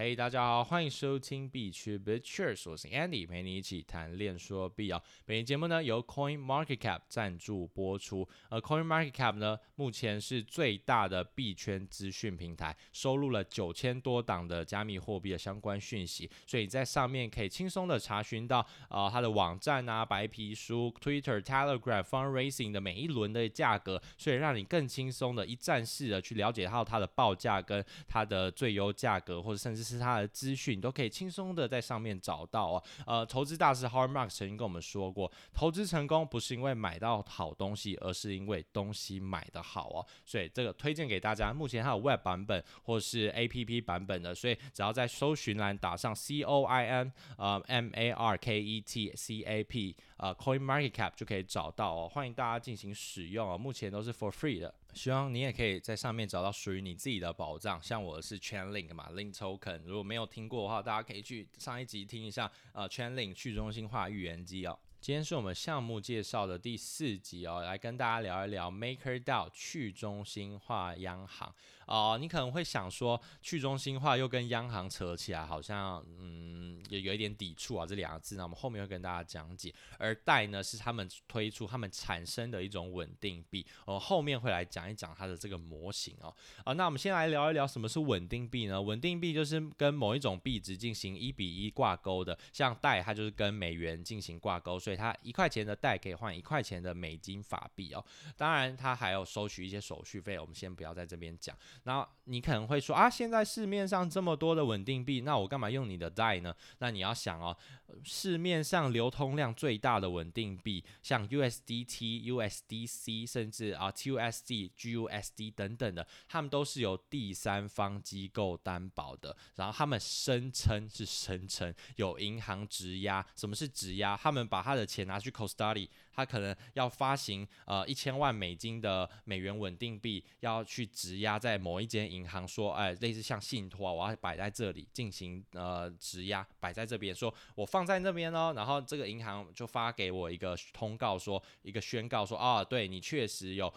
嘿，hey, 大家好，歡迎收聽幣圈必聽我是 Andy，陪你一起談鏈說幣啊、哦，本期節目呢由 Coin Market Cap 贊助播出，而 Coin Market Cap 呢目前是最大的幣圈資訊平台，收錄了九千多檔的加密貨幣的相關訊息，所以你在上面可以輕鬆的查詢到啊、呃、它的網站啊、白皮書、Twitter、Telegram、Fundraising 的每一輪的價格，所以讓你更輕鬆的一站式的去了解到它的報價跟它的最優價格，或者甚至，是他的資訊都可以輕鬆的在上面找到哦。呃，投資大師 Howard Marks 曾經跟我們說過，投資成功不是因為買到好東西，而是因為東西買得好哦，所以這個推薦給大家，目前它有 Web 版本或是 APP 版本的，所以只要在搜尋欄打上 Coin 呃 MarketCap 呃 Coin MarketCap 就可以找到哦，歡迎大家進行使用哦，目前都是 For Free 的。希望你也可以在上面找到屬於你自己的寶藏。像我是 Chainlink 嘛，Link Token，如果沒有聽過的話，大家可以去上一集聽一下。呃，Chainlink 去中心化預言機哦。今天是我們項目介紹的第四集哦，來跟大家聊一聊 MakerDAO 去中心化央行。哦，你可能會想說去中心化又跟央行扯起來，好像嗯，有有一點抵觸啊這兩個字。那我們後面會跟大家講解。而 Dai 呢是他們推出、他們產生的一種穩定幣，我、哦、後面會來講一講它的這個模型哦。啊、哦，那我們先來聊一聊什麼是穩定幣呢？穩定幣就是跟某一種幣值進行一比一掛鈎的，像 Dai 它就是跟美元進行掛鈎，所以它一塊錢的 Dai 可以換一塊錢的美金法幣哦。當然它還有收取一些手續費，我們先不要在這邊講。那你可能會說啊，現在市面上這麼多的穩定幣，那我幹嘛用你的 Dai 呢？那你要想哦。市面上流通量最大的穩定幣，像 USDT、USDC，甚至啊 TUSD、GUSD 等等的，他們都是由第三方機構擔保的。然後他們聲稱是聲稱有銀行質押，什麼是質押？他們把他的錢拿去 custody，他可能要發行呃一千萬美金的美元穩定幣，要去質押在某一間銀行，說哎，類似像信托啊，我要擺在這裡進行呃質押，擺在這邊，說我放。放在那邊哦，然後這個銀行就發給我一個通告說，說一個宣告說，啊，對你確實有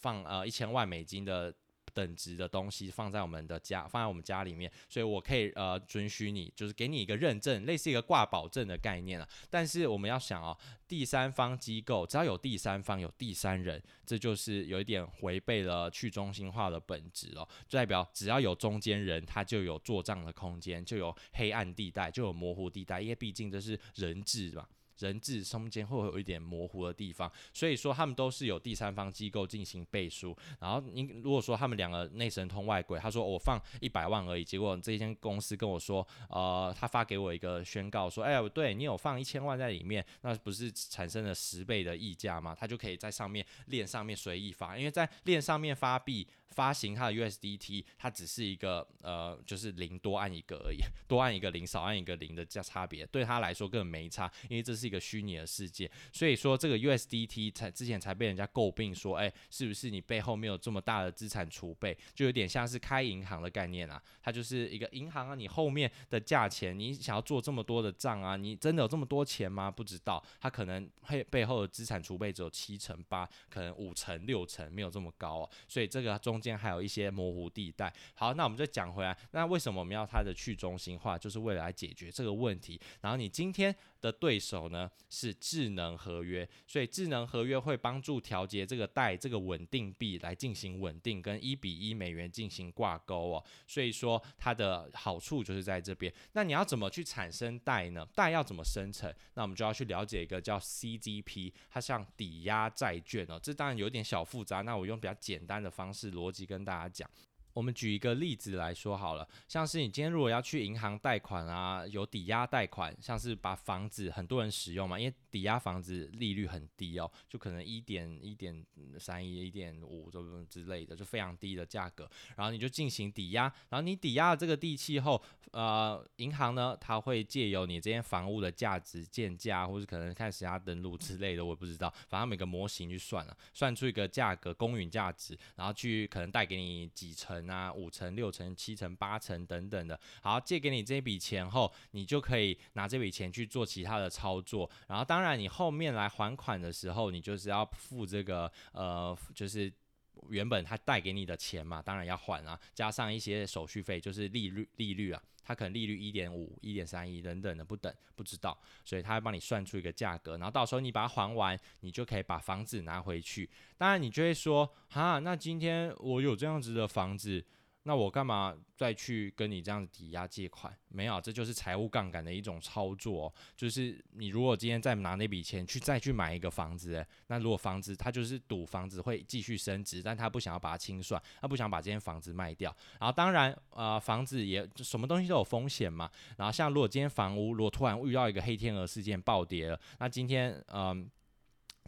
放呃一千萬美金的。等值的東西放在我們的家，放在我們家裡面，所以我可以呃准許你，就是給你一個認證，類似一個掛保證的概念啊。但是我們要想哦，第三方機構只要有第三方，有第三人，這就是有一點違背了去中心化的本質了。就代表只要有中間人，他就有做賬的空間，就有黑暗地帶，就有模糊地帶，因為畢竟這是人質嘛。人質中間會有一點模糊的地方，所以說他們都是有第三方機構進行背書。然後你如果說他們兩個內神通外鬼，他說我放一百萬而已，結果這間公司跟我說，呃，他發給我一個宣告說，哎、欸，對你有放一千萬在裡面，那不是產生了十倍的溢價嗎？他就可以在上面鏈上面隨意發，因為在鏈上面發幣，發行它的 USDT，它只是一個呃，就是零多按一個而已，多按一個零，少按一個零的價差別，對他來說根本沒差，因為這是一個虛擬的世界。所以說這個 USDT 才之前才被人家詬病說，哎，是不是你背後沒有這麼大的資產儲備，就有點像是開銀行的概念啊？它就是一個銀行啊，你後面的價錢，你想要做這麼多的賬啊，你真的有這麼多錢嗎？不知道，它可能背背後的資產儲備只有七成八，可能五成六成沒有這麼高哦、啊，所以這個中。還有一些模糊地帶。好，那我們就講回來。那為什麼我們要它的去中心化？就是為了來解決這個問題。然後你今天。的對手呢是智能合約，所以智能合約會幫助調節這個 Dai、這個穩定幣來進行穩定，跟一比一美元進行掛鈎哦。所以說它的好處就是在這邊。那你要怎麼去產生 Dai 呢？Dai 要怎麼生成？那我們就要去了解一個叫 CDP，它像抵押債券哦。這當然有點小複雜，那我用比較簡單的方式邏輯跟大家講。我們舉一個例子來說好了，像是你今天如果要去銀行貸款啊，有抵押貸款，像是把房子很多人使用嘛，因為抵押房子利率很低哦，就可能一點一點三一一點五這種之類的，就非常低的價格，然後你就進行抵押，然後你抵押了這個地契後，呃，銀行呢，它會借由你這間房屋的價值，鑑價，或是可能看實價登錄之類的，我也不知道，反正每個模型去算了、啊，算出一個價格，公允價值，然後去可能貸給你幾成。那五成、六成、啊、七成、八成等等的，好借給你這筆錢後，你就可以拿這筆錢去做其他的操作。然後，當然你後面來還款的時候，你就是要付這個呃，就是。原本他貸給你的錢嘛，當然要還啦，啊，加上一些手續費，就是利率，利率啊，他可能利率一點五、一點三一等等的不等，不知道，所以他會幫你算出一個價格，然後到時候你把它還完，你就可以把房子拿回去。當然你就會說，哈，那今天我有這樣子的房子。那我幹嘛再去跟你這樣子抵押借款？沒有，這就是財務槓桿的一種操作哦，就是你如果今天再拿那筆錢去再去買一個房子，那如果房子，他就是賭房子會繼續升值，但他不想要把它清算，他不想把這間房子賣掉。然後當然，啊，呃，房子也什麼東西都有風險嘛。然後像如果今天房屋如果突然遇到一個黑天鵝事件暴跌了，那今天嗯。呃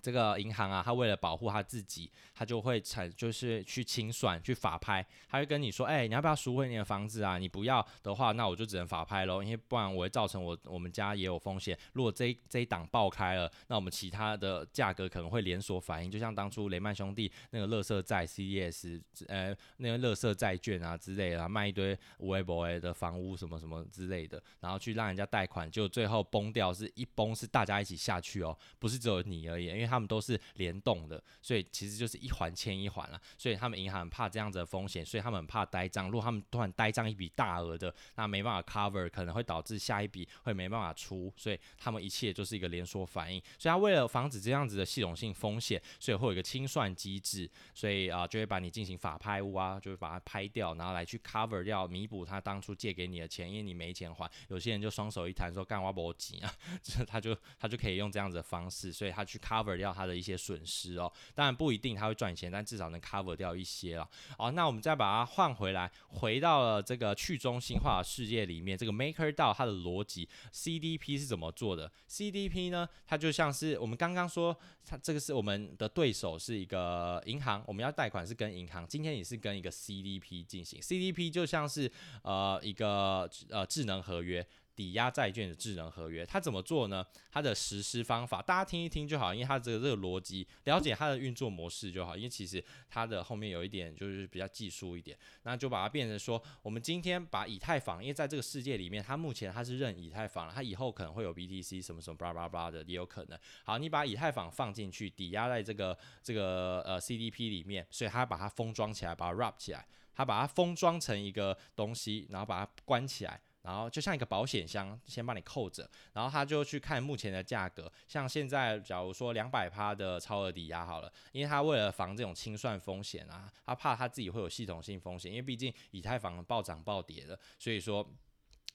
這個銀行啊，他為了保護他自己，他就會產就是去清算、去法拍，他會跟你說，哎、欸，你要不要贖回你的房子啊？你不要的話，那我就只能法拍嘍，因為不然我會造成我我們家也有風險。如果這這一檔爆開了，那我們其他的價格可能會連鎖反應。就像當初雷曼兄弟那個垃圾債、CDS 呃那個垃圾債券啊之類的，賣一堆無 A 博 o y 的房屋什麼什麼之類的，然後去讓人家貸款，就最後崩掉，是一崩是大家一起下去哦，不是只有你而已，因為。他們都是聯動的，所以其實就是一環牽一環了、啊。所以他們銀行很怕這樣子的風險，所以他們很怕呆賬。如果他們突然呆賬一筆大額的，那沒辦法 cover，可能會導致下一筆會沒辦法出。所以他們一切就是一個連鎖反應。所以他為了防止這樣子的系統性風險，所以會有一個清算機制。所以啊，就會把你進行法拍屋啊，就會把它拍掉，然後來去 cover 掉，彌補他當初借給你的錢，因為你沒錢還。有些人就雙手一攤說干挖不急啊，這他就他就可以用這樣子的方式，所以他去 cover。掉他的一些損失哦，當然不一定他會賺錢，但至少能 cover 掉一些了。好、哦，那我們再把它換回來，回到了這個去中心化的世界裡面，這個 m a k e r 道它的邏輯 CDP 是怎麼做的？CDP 呢？它就像是我們剛剛說，它這個是我們的對手是一個銀行，我們要貸款是跟銀行，今天也是跟一個 CDP 進行，CDP 就像是呃一個呃智能合約。抵押債券的智能合約，它怎麼做呢？它的實施方法，大家聽一聽就好，因為它這個這個邏輯，了解它的運作模式就好。因為其實它的後面有一點就是比較技術一點，那就把它變成說，我們今天把以太坊，因為在這個世界裡面，它目前它是認以太坊，它以後可能會有 BTC 什麼什麼巴拉巴拉的也有可能。好，你把以太坊放進去，抵押在這個這個呃 CDP 裡面，所以它把它封裝起來，把它 wrap 起來，它把它封裝成一個東西，然後把它關起來。然後就像一個保險箱，先幫你扣着。然後他就去看目前的價格，像現在假如說兩百趴的超額抵押好了，因為他為了防這種清算風險啊，他怕他自己會有系統性風險，因為畢竟以太坊暴漲暴跌了，所以說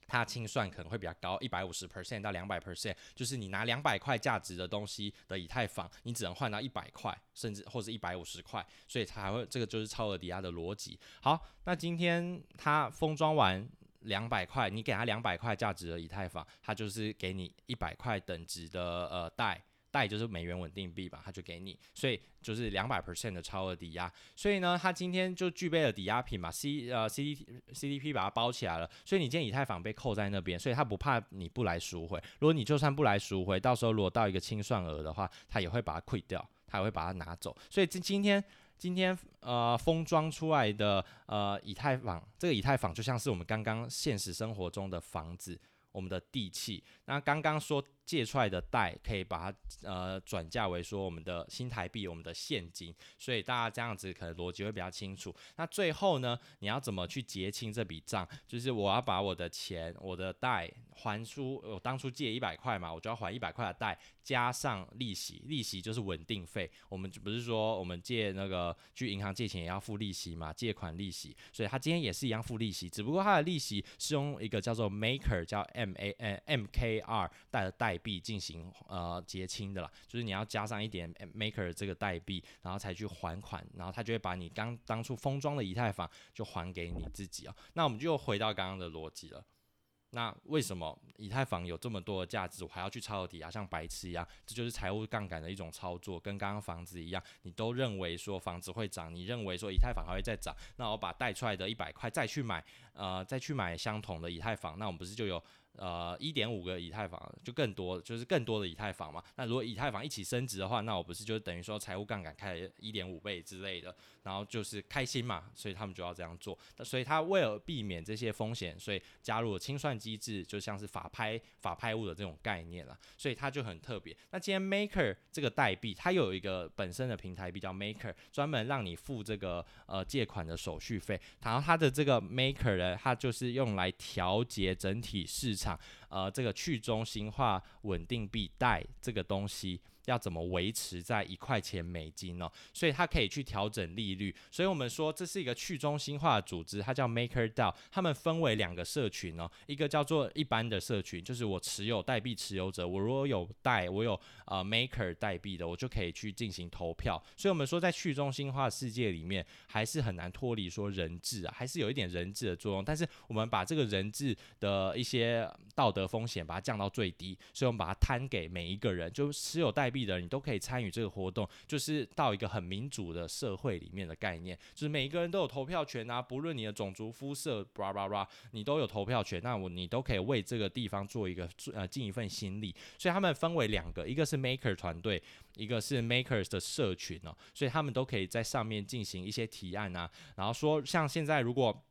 他清算可能會比較高，一百五十 percent 到兩百 percent，就是你拿兩百塊價值的東西的以太坊，你只能換到一百塊，甚至或者一百五十塊，所以他還會這個就是超額抵押的邏輯。好，那今天他封裝完。兩百塊，你給他兩百塊價值的以太坊，他就是給你一百塊等值的呃 Dai，Dai 就是美元穩定幣吧，他就給你，所以就是兩百 percent 的超額抵押，所以呢，他今天就具備了抵押品嘛，C 呃 CDCDP 把它包起來了，所以你今天以太坊被扣在那邊，所以他不怕你不來贖回，如果你就算不來贖回，到時候如果到一個清算額的話，他也會把它虧掉，他也會把它拿走，所以今今天。今天呃封裝出來的呃以太坊，這個以太坊就像是我們剛剛現實生活中的房子，我們的地契。那剛剛說。借出來的貸可以把它呃轉嫁為說我們的新台幣，我們的現金，所以大家這樣子可能邏輯會比較清楚。那最後呢，你要怎麼去結清這筆賬？就是我要把我的錢，我的貸還出。我當初借一百塊嘛，我就要還一百塊的貸，加上利息，利息就是穩定費。我們不是說我們借那個去銀行借錢也要付利息嘛，借款利息。所以他今天也是一樣付利息，只不過他的利息是用一個叫做 Maker 叫 M A M K R 貸的貸。代幣進行呃結清的啦，就是你要加上一點 Maker 這個代幣，然後才去還款，然後他就會把你剛當初封裝的以太坊就還給你自己啊、喔。那我們就又回到剛剛的邏輯了。那為什麼以太坊有這麼多的價值，我還要去抄底啊？像白痴一樣，這就是財務槓桿的一種操作，跟剛剛房子一樣，你都認為說房子會漲，你認為說以太坊還會再漲，那我把貸出來的一百塊再去買，呃，再去買相同的以太坊，那我們不是就有？呃，一點五個以太坊就更多，就是更多的以太坊嘛。那如果以太坊一起升值的話，那我不是就等於說財務槓桿開一點五倍之類的，然後就是開心嘛。所以他們就要這樣做。所以他為了避免這些風險，所以加入了清算機制，就像是法拍、法拍屋的這種概念了。所以它就很特別。那今天 Maker 這個代幣，它有一個本身的平台幣叫 Maker，專門讓你付這個呃借款的手續費。然後它的這個 Maker 呢，它就是用來調節整體市場。場，呃，這個去中心化穩定幣 Dai 這個東西。要怎麼維持在一塊錢美金呢？所以它可以去調整利率。所以我們說這是一個去中心化的組織，它叫 MakerDAO。他們分為兩個社群呢，一個叫做一般的社群，就是我持有代幣持有者，我如果有代，我有呃 Maker 代幣的，我就可以去進行投票。所以我們說在去中心化的世界裡面，還是很難脫離說人治啊，還是有一點人治的作用。但是我們把這個人治的一些道德風險把它降到最低，所以我們把它攤給每一個人，就持有代。幣人你都可以參與這個活動，就是到一個很民主的社會裡面的概念，就是每一個人都有投票權啊，不論你的種族膚色吧吧吧，你都有投票權，那我你都可以為這個地方做一個呃盡一份心力。所以他們分為兩個，一個是 Maker 團隊，一個是 Makers 的社群哦、喔，所以他們都可以在上面進行一些提案啊，然後說像現在如果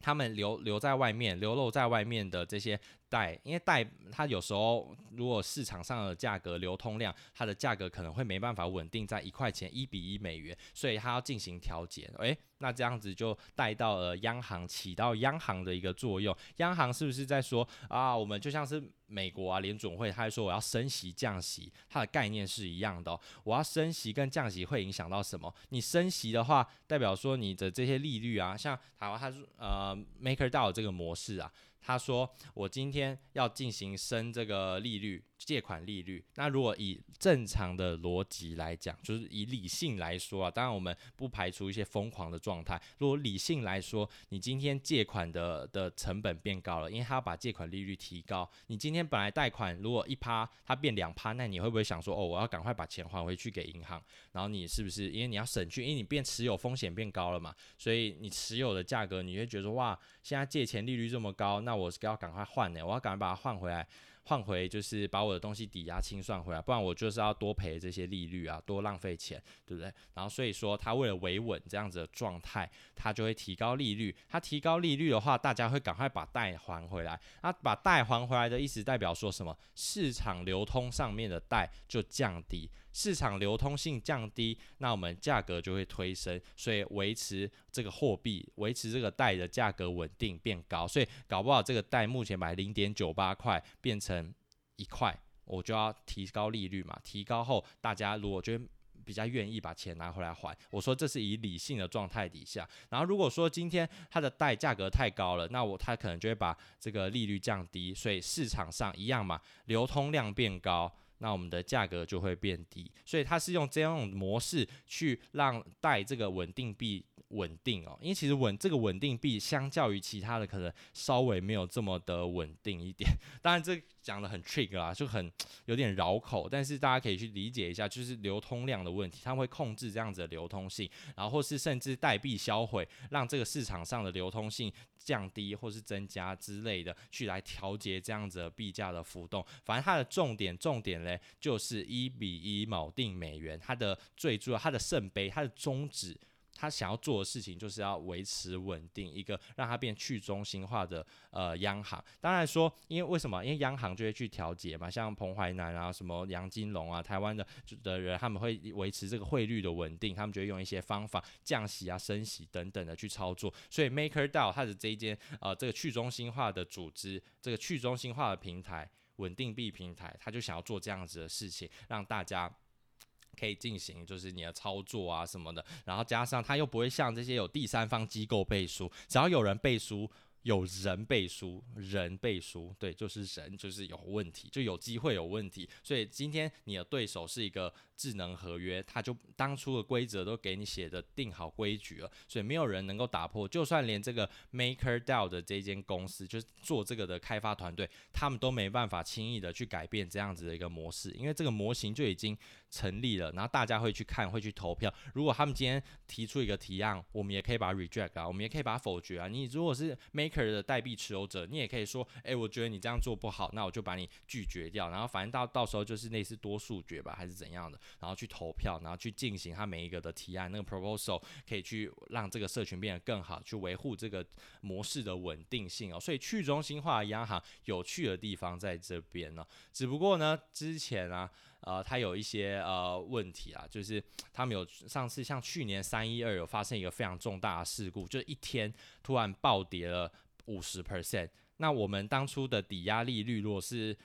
他們留留在外面，流露在外面的這些。貸，因為貸它有時候如果市場上的價格流通量，它的價格可能會沒辦法穩定在一塊錢，一比一美元，所以它要進行調節。哎，那這樣子就帶到了央行，起到央行的一個作用。央行是不是在說啊？我們就像是美國啊，聯準會，他說我要升息降息，它的概念是一樣的哦。我要升息跟降息會影響到什麼？你升息的話，代表說你的這些利率啊，像台灣它是呃 Maker DAO 這個模式啊。他說：“我今天要進行升這個利率。”借款利率，那如果以正常的邏輯來講，就是以理性來說啊，當然我們不排除一些瘋狂的狀態。如果理性來說，你今天借款的的成本變高了，因為他要把借款利率提高，你今天本來貸款如果一趴，他變兩趴，那你會不會想說，哦，我要趕快把錢還回去給銀行，然後你是不是因為你要省去，因為你變持有風險變高了嘛，所以你持有的價格，你會覺得說哇，現在借錢利率這麼高，那我是要趕快換呢、欸？我要趕快把它換回來。換回就是把我的東西抵押清算回來，不然我就是要多賠這些利率啊，多浪費錢，對不對？然後所以說他為了維穩這樣子的狀態，他就會提高利率。他提高利率的話，大家會趕快把 Dai 還回來。那、啊、把 Dai 還回來的意思代表說什麼？市場流通上面的 Dai 就降低。市場流通性降低，那我們價格就會推升，所以維持這個貨幣、維持這個 Dai 的價格穩定變高，所以搞不好這個 Dai 目前買零點九八塊變成一塊，我就要提高利率嘛。提高後，大家如果覺得比較願意把錢拿回來還，我說這是以理性的狀態底下。然後如果說今天它的 Dai 價格太高了，那我他可能就會把這個利率降低，所以市場上一樣嘛，流通量變高。那我們的價格就會變低，所以它是用這樣模式去讓 Dai 這個穩定幣。穩定哦，因為其實穩這個穩定幣相較於其他的可能稍微沒有這麼的穩定一點。當然，這講的很 trick 啊，就很有點繞口，但是大家可以去理解一下，就是流通量的問題，它會控制這樣子的流通性，然後是甚至代幣銷毀，讓這個市場上的流通性降低或是增加之類的，去來調節這樣子的幣價的浮動。反正它的重點重點嘞，就是一比一錨定美元，它的最主要，它的聖杯，它的宗旨。他想要做的事情就是要維持穩定，一個讓他變去中心化的呃央行。當然說，因為為什麼？因為央行就會去調節嘛，像彭淮南啊、什麼楊金龍啊、台灣的的人，他們會維持這個匯率的穩定，他們就會用一些方法降息啊、升息等等的去操作。所以 MakerDAO 它的這一間呃這個去中心化的組織，這個去中心化的平台，穩定幣平台，他就想要做這樣子的事情，讓大家。可以進行，就是你的操作啊什麼的，然後加上他又不會像這些有第三方機構背書，只要有人背書。有人背書，人背書，對，就是人就是有問題，就有機會有問題。所以今天你的對手是一個智能合約，他就當初的規則都給你寫的定好規矩了，所以沒有人能夠打破。就算連這個 MakerDAO 的這間公司，就是做這個的開發團隊，他們都沒辦法輕易的去改變這樣子的一個模式，因為這個模型就已經成立了。然後大家會去看，會去投票。如果他們今天提出一個提案，我們也可以把它 reject 啊，我們也可以把它否決啊。你如果是 Make 的代幣持有者，你也可以說，誒、欸，我覺得你這樣做不好，那我就把你拒絕掉。然後反正到到時候就是類似多數決吧，還是怎樣的，然後去投票，然後去進行他每一個的提案，那個 proposal 可以去讓這個社群變得更好，去維護這個模式的穩定性哦。所以去中心化央行有趣的地方在這邊呢、哦，只不過呢，之前啊。呃，它有一些呃問題啊，就是他們有上次像去年三一二有發生一個非常重大的事故，就是一天突然暴跌了五十 percent。那我們當初的抵押利率如果是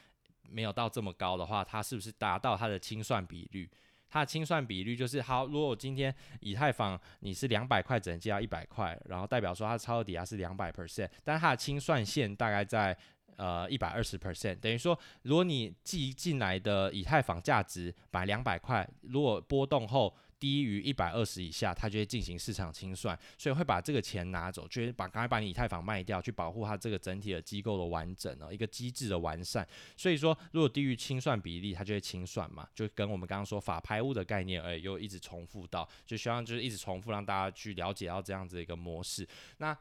沒有到這麼高的話，它是不是達到它的清算比率？它的清算比率就是，好，如果我今天以太坊你是兩百塊只能借到一百塊，然後代表說它的超額抵押是兩百 percent，但是它的清算線大概在。呃120，一百二十 percent，等於說，如果你寄進來的以太坊價值買兩百塊，如果波動後低於一百二十以下，它就會進行市場清算，所以會把這個錢拿走，就是把剛才把你以太坊賣掉，去保護它這個整體的機構的完整哦，一個機制的完善。所以說，如果低於清算比例，它就會清算嘛，就跟我們剛剛說法拍屋的概念，哎，又一直重複到，就希望就是一直重複讓大家去了解到這樣子一個模式。那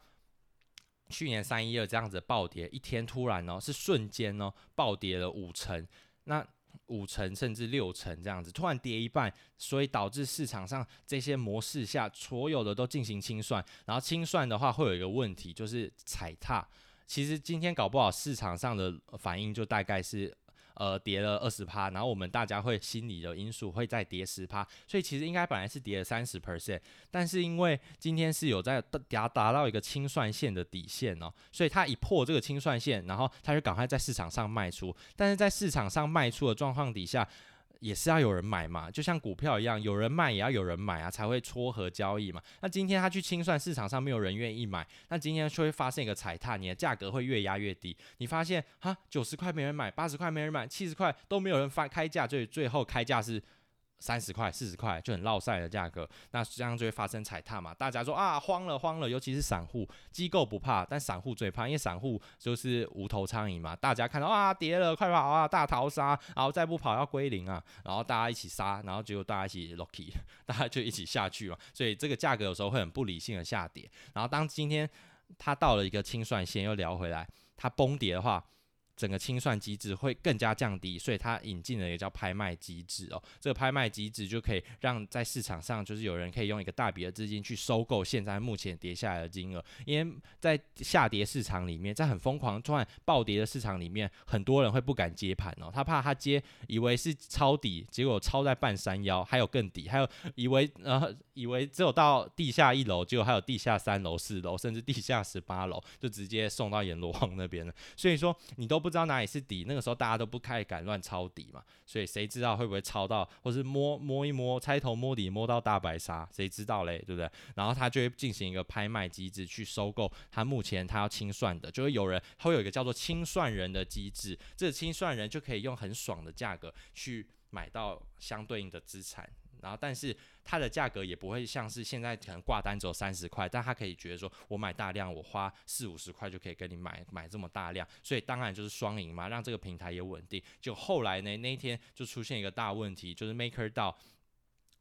去年三一二這樣子暴跌，一天突然哦，是瞬間哦，暴跌了五成，那五成甚至六成這樣子，突然跌一半，所以導致市場上這些模式下所有的都進行清算，然後清算的話會有一個問題，就是踩踏。其實今天搞不好市場上的反應就大概是。呃，跌了二十趴，然後我們大家會心理的因素會再跌十趴，所以其實應該本來是跌了三十 percent，但是因為今天是有在達達到一個清算線的底線哦，所以它一破這個清算線，然後它就趕快在市場上賣出，但是在市場上賣出的狀況底下。也是要有人買嘛，就像股票一樣，有人賣也要有人買啊，才會撮合交易嘛。那今天他去清算，市場上沒有人願意買，那今天就會發生一個踩踏，你的價格會越壓越低。你發現啊，九十塊沒人買，八十塊沒人買，七十塊都沒有人發開價，最最後開價是。三十塊、四十塊就很落賽的價格，那這樣就會發生踩踏嘛？大家說啊，慌了慌了，尤其是散戶，機構不怕，但散戶最怕，因為散戶就是無頭蒼蠅嘛。大家看到啊，跌了，快跑啊，大逃殺，然後再不跑要歸零啊，然後大家一起殺，然後結果大家一起落去大家就一起下去了。所以這個價格有時候會很不理性的下跌。然後當今天它到了一個清算線，又聊回來，它崩跌的話。整個清算機制會更加降低，所以它引進了也叫拍賣機制哦。這個拍賣機制就可以讓在市場上，就是有人可以用一個大筆的資金去收購現在目前跌下來的金額，因為在下跌市場裡面，在很瘋狂突然暴跌的市場裡面，很多人會不敢接盤哦，他怕他接以為是抄底，結果抄在半山腰，還有更低，還有以為呃以為只有到地下一樓，結果還有地下三樓、四樓，甚至地下十八樓，就直接送到閻羅王那邊了。所以說你都不知道哪裡是底，那個時候大家都不太敢亂抄底嘛，所以誰知道會不會抄到，或是摸摸一摸，猜頭摸底，摸到大白鯊，誰知道嘞，對不對？然後他就會進行一個拍賣機制去收購他目前他要清算的，就會有人他會有一個叫做清算人的機制，這個清算人就可以用很爽的價格去買到相對應的資產。然後，但是它的價格也不會像是現在可能掛單只有三十塊，但他可以覺得說，我買大量，我花四五十塊就可以跟你買買這麼大量，所以當然就是雙贏嘛，讓這個平台也穩定。就後來呢，那一天就出現一個大問題，就是 MakerDAO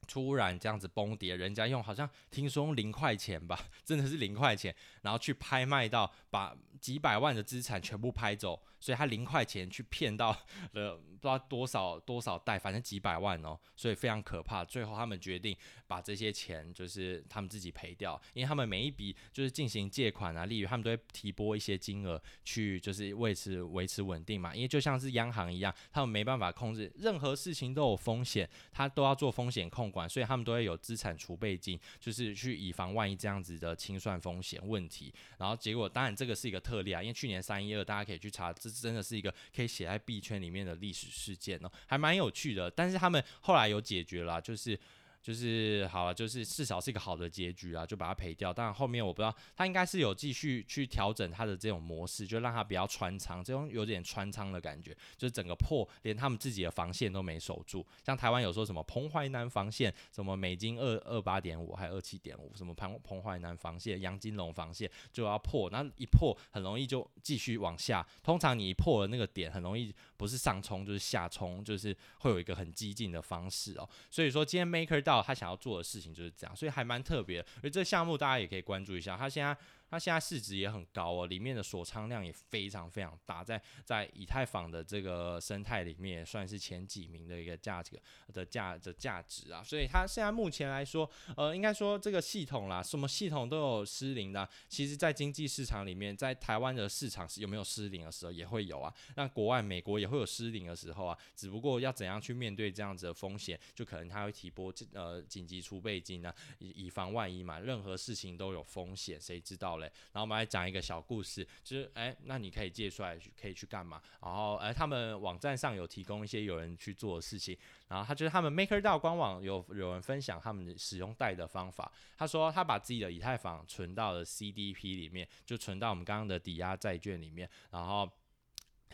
突然這樣子崩跌，人家用好像聽說用零塊錢吧，真的是零塊錢，然後去拍賣到把。幾百萬的資產全部拍走，所以他零塊錢去騙到了不知道多少多少貸，反正幾百萬哦，所以非常可怕。最後他們決定把這些錢就是他們自己賠掉，因為他們每一筆就是進行借款啊，例如他們都會提撥一些金額去就是維持維持穩定嘛，因為就像是央行一樣，他們沒辦法控制任何事情都有風險，他都要做風險控管，所以他們都會有資產儲備金，就是去以防萬一這樣子的清算風險問題。然後結果當然這個是一個特。特例啊，因為去年三一二，大家可以去查，這真的是一個可以寫在幣圈裡面的歷史事件哦、喔，還蠻有趣的。但是他們後來有解決了，就是。就是好了、啊，就是至少是一個好的結局啊，就把它賠掉。但後面我不知道，他應該是有繼續去調整他的這種模式，就讓他比較穿倉，這種有點穿倉的感覺。就是整個破，連他們自己的防線都沒守住。像台灣有說什麼彭淮南防線，什麼美金二二八點五還二七點五，什麼彭彭淮南防線、楊金龍防線就要破，那一破很容易就繼續往下。通常你一破了那個點，很容易不是上衝就是下衝，就是會有一個很激進的方式哦、喔。所以說今天 Maker DAO。他想要做的事情就是這樣，所以還蠻特別的。而這個項目大家也可以關注一下，他現在。它現在市值也很高哦，裡面的鎖倉量也非常非常大，在在以太坊的這個生態裡面，算是前幾名的一個價格的價的價值啊。所以它現在目前來說，呃，應該說這個系統啦，什麼系統都有失靈的啊。其實，在經濟市場裡面，在台灣的市場是有沒有失靈的時候也會有啊。那國外美國也會有失靈的時候啊，只不過要怎樣去面對這樣子的風險，就可能他會提撥緊呃緊急儲備金呢，以以防萬一嘛。任何事情都有風險，誰知道？對，然後我們來講一個小故事，就是哎，那你可以借出來，可以去幹嘛？然後哎，他們網站上有提供一些有人去做的事情。然後他就是他們 MakerDAO 官網有有人分享他們使用 Dai 的方法。他說他把自己的以太坊存到了 CDP 裡面，就存到我們剛剛的抵押債券裡面，然後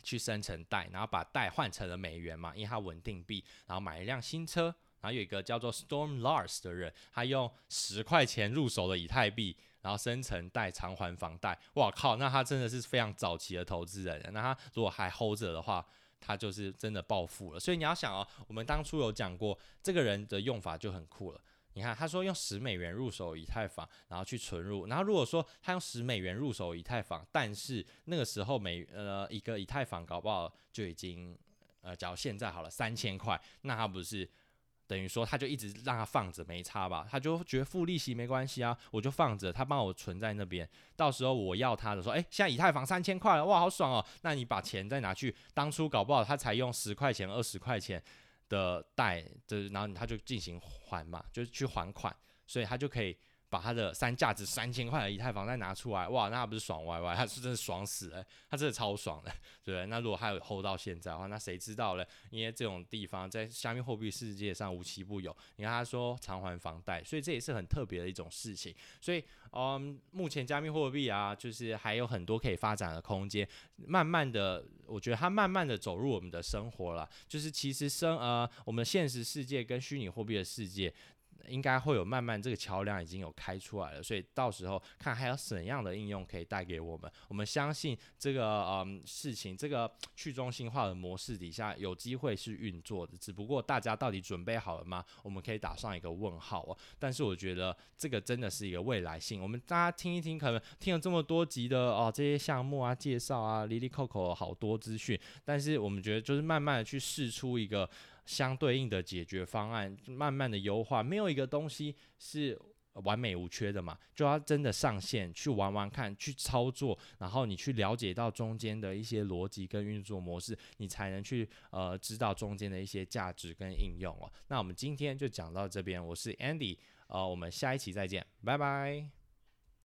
去生成 Dai，然後把 Dai 換成了美元嘛，因為它穩定幣，然後買一輛新車。還有一個叫做 Storm Lars 的人，他用十塊錢入手了以太幣，然後生成 Dai，償還房貸。哇靠！那他真的是非常早期的投資人。那他如果還 hold 着的話，他就是真的暴富了。所以你要想哦，我們當初有講過，這個人的用法就很酷了。你看，他說用十美元入手以太坊，然後去存入。然後如果說他用十美元入手以太坊，但是那個時候每呃一個以太坊搞不好就已經呃，假如現在好了三千塊，那他不是？等於說他就一直讓他放着沒差吧，他就覺得付利息沒關係啊，我就放着，他幫我存在那邊，到時候我要他的時候，哎，現在以太坊三千塊了，哇，好爽哦！那你把錢再拿去，當初搞不好他才用十塊錢、二十塊錢的貸，就是然後他就進行還嘛，就是去還款，所以他就可以。把他的三價值三千塊的以太坊再拿出來，哇，那他不是爽歪歪，他是真的爽死了，他真的超爽的，對不對？那如果他有 hold 到現在的話，那誰知道呢？因為這種地方在加密貨幣世界上無奇不有。你看他說償還房貸，所以這也是很特別的一種事情。所以，嗯，目前加密貨幣啊，就是還有很多可以發展的空間。慢慢的，我覺得它慢慢的走入我們的生活了。就是其實生呃，我們現實世界跟虛擬貨幣的世界，應該會有慢慢這個橋梁已經有開出來了，所以到時候看還有怎樣的應用可以帶給我們。我們相信這個嗯事情這個去中心化的模式底下有機會是運作的，只不過大家到底準備好了嗎？我們可以打上一個問號哦、啊。但是我覺得這個真的是一個未來性。我們大家聽一聽，可能聽了這麼多集的哦，這些項目啊、介紹啊、哩哩扣扣好多資訊，但是我們覺得就是慢慢的去試出一個相對應的解決方案，慢慢的優化，沒有一個東西是完美無缺的嘛，就要真的上線去玩玩看，去操作，然後你去了解到中間的一些邏輯跟運作模式，你才能去呃知道中間的一些價值跟應用哦。那我們今天就講到這邊，我是 Andy，呃，我們下一期再見，拜拜。